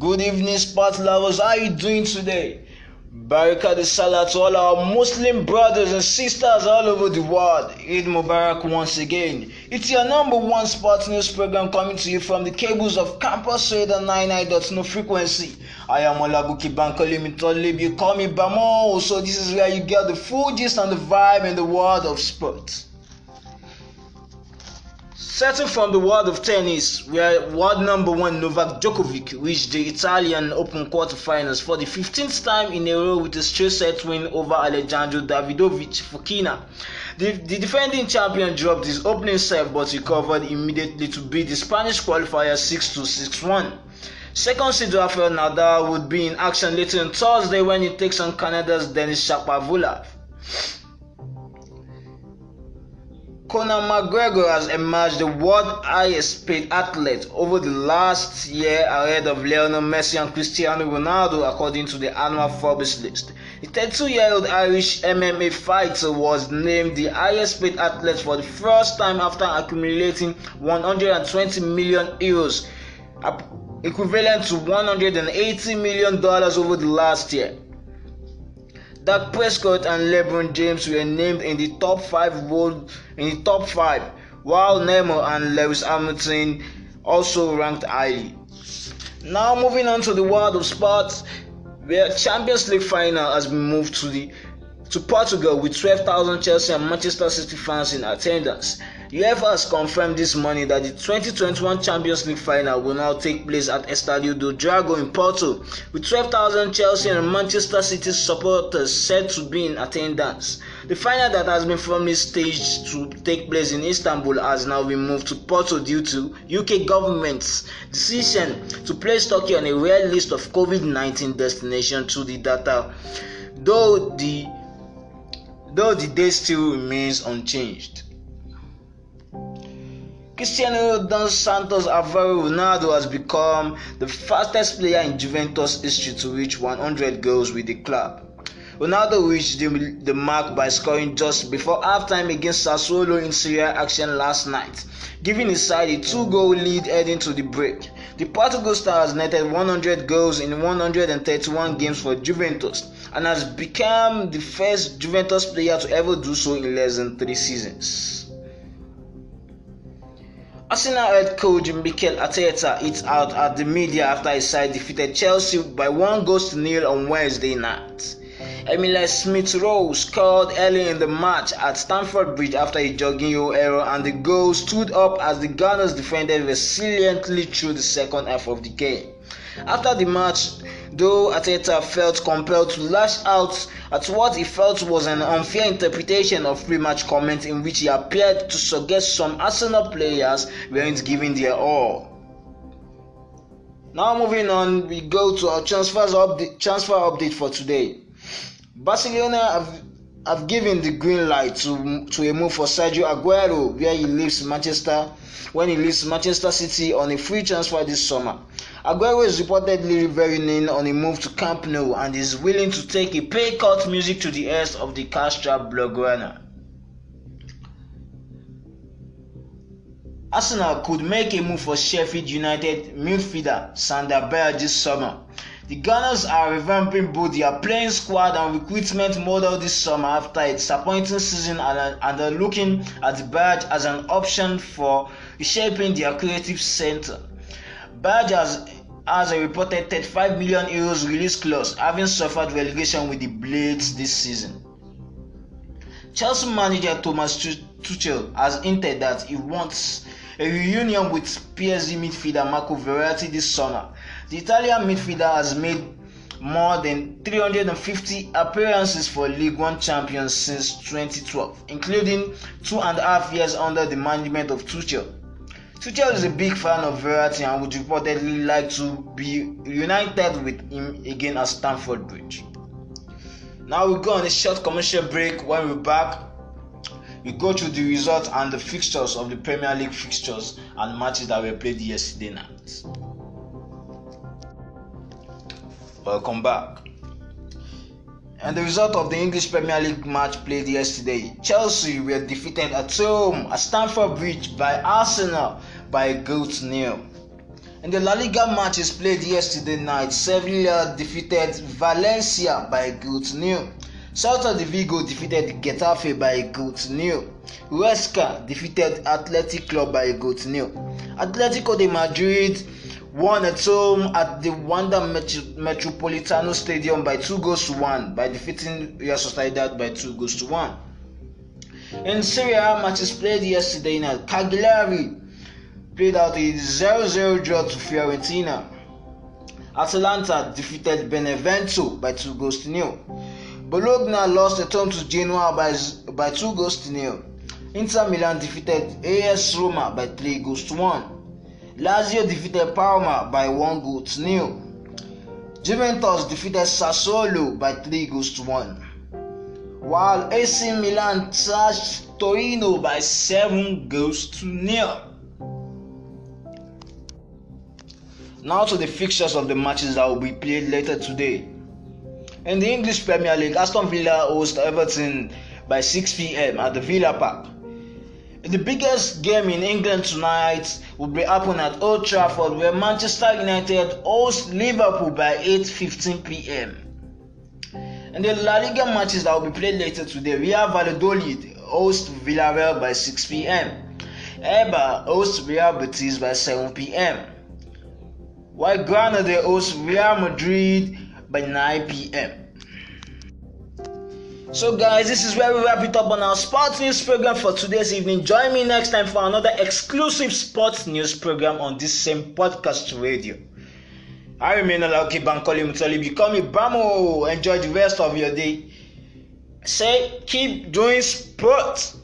Good evening, sports lovers. How are you doing today? Baraka the Salah to all our Muslim brothers and sisters all over the world. Eid Mubarak once again. It's your number one sports news program coming to you from the cables of Campus Radar 99.no frequency. I am Olabuki Bankole Mitolib. You call me Bamo, so this is where you get the full gist and the vibe in the world of sports. Starting from the world of tennis, where world number one Novak Djokovic reached the Italian Open quarterfinals for the 15th time in a row with a straight set win over Alejandro Davidovic Fokina. The, the defending champion dropped his opening serve but recovered immediately to beat the Spanish qualifier 6 2 6 1. Second seed Rafael Nadal would be in action later on Thursday when he takes on Canada's Denis Shapovalov. Conor McGregor has emerged the world highest paid athlete over the last year ahead of Lionel Messi and Cristiano Ronaldo according to the annual Forbes list. The 32-year-old Irish MMA fighter was named the highest paid athlete for the first time after accumulating 120 million euros equivalent to 180 million dollars over the last year. Dak Prescott and LeBron James were named in the top five world in the top five, while Nemo and Lewis Hamilton also ranked highly. Now moving on to the world of sports, where Champions League final has been moved to the to Portugal with 12,000 Chelsea and Manchester City fans in attendance. UEFA has confirmed this morning that the 2021 Champions League final will now take place at Estádio do Dragão in Porto, with 12,000 Chelsea and Manchester City supporters said to be in attendance. The final that has been firmly staged to take place in Istanbul has now been moved to Porto due to UK government's decision to place Turkey on a red list of COVID-19 destination to the data. Though the though the date still remains unchanged. Cristiano Dos Santos Alvaro Ronaldo has become the fastest player in Juventus history to reach 100 goals with the club. Ronaldo reached the, the mark by scoring just before halftime against Sassuolo in Serie A action last night, giving his side a two-goal lead heading to the break. The Portugal star has netted 100 goals in 131 games for Juventus and has become the first Juventus player to ever do so in less than three seasons. Arsenal head coach Mikel Arteta hit out at the media after his side defeated Chelsea by one goal to nil on Wednesday night. Emile Smith Rowe scored early in the match at Stamford Bridge after a Jorginho error, and the goal stood up as the Gunners defended resiliently through the second half of the game. After the match, though Ateta felt compelled to lash out at what he felt was an unfair interpretation of pre-match comments in which he appeared to suggest some Arsenal players weren't giving their all. Now moving on, we go to our transfers update, transfer update for today. Barcelona have, have given the green light to, to a move for Sergio Aguero where he leaves Manchester when he leaves Manchester City on a free transfer this summer. Aguero is reportedly very leaning on a move to Camp Nou and is willing to take a pay cut music to the ears of the cash-strapped Arsenal could make a move for Sheffield United midfielder Sander Beyer this summer. The Gunners are revamping both their playing squad and recruitment model this summer after a disappointing season and, and are looking at Badge as an option for reshaping their creative center. Badge has, has a reported 35 million euros release clause, having suffered relegation with the Blades this season. Chelsea manager Thomas Tuchel has hinted that he wants a reunion with PSG midfielder Marco Verratti this summer. The Italian midfielder has made more than 350 appearances for League One champions since 2012, including two and a half years under the management of Tuchel. Tuchel is a big fan of Verratti and would reportedly like to be united with him again at Stamford Bridge. Now we go on a short commercial break. When we're back, we go through the results and the fixtures of the Premier League fixtures and matches that were played yesterday night. Welcome back. And the result of the English Premier League match played yesterday Chelsea were defeated at home at Stamford Bridge by Arsenal by a goal to nil. In the La Liga matches played yesterday night, Sevilla defeated Valencia by a goal to nil. Celta de Vigo defeated Getafe by a goal to nil. Huesca defeated Athletic Club by a goal to nil. Atletico de Madrid won at home at the Wanda Met- Metropolitano Stadium by two goals to one by defeating Real Sociedad by two goals to one. In Serie A matches played yesterday night, Cagliari played out a 0-0 draw to Fiorentina. Atalanta defeated Benevento by two goals to nil. Bologna lost at home to Genoa by, by two goals to nil. Inter Milan defeated AS Roma by three goals to one. Lazio defeated Parma by one goal to nil. Juventus defeated Sassuolo by three goals to one. While AC Milan thrashed Torino by seven goals to nil. Now to the fixtures of the matches that will be played later today. In the English Premier League, Aston Villa host Everton by 6 pm at the Villa Park. The biggest game in England tonight will be happening at Old Trafford where Manchester United host Liverpool by 8:15 p.m. And the La Liga matches that will be played later today, Real Valladolid host Villarreal by 6 p.m. Eibar hosts Real Betis by 7 p.m. While Granada hosts Real Madrid by 9 p.m. So, guys, this is where we wrap it up on our sports news program for today's evening. Join me next time for another exclusive sports news program on this same podcast radio. I remain a Alaki Bankole Mutali. Become a Bamo. Enjoy the rest of your day. Say, keep doing sports.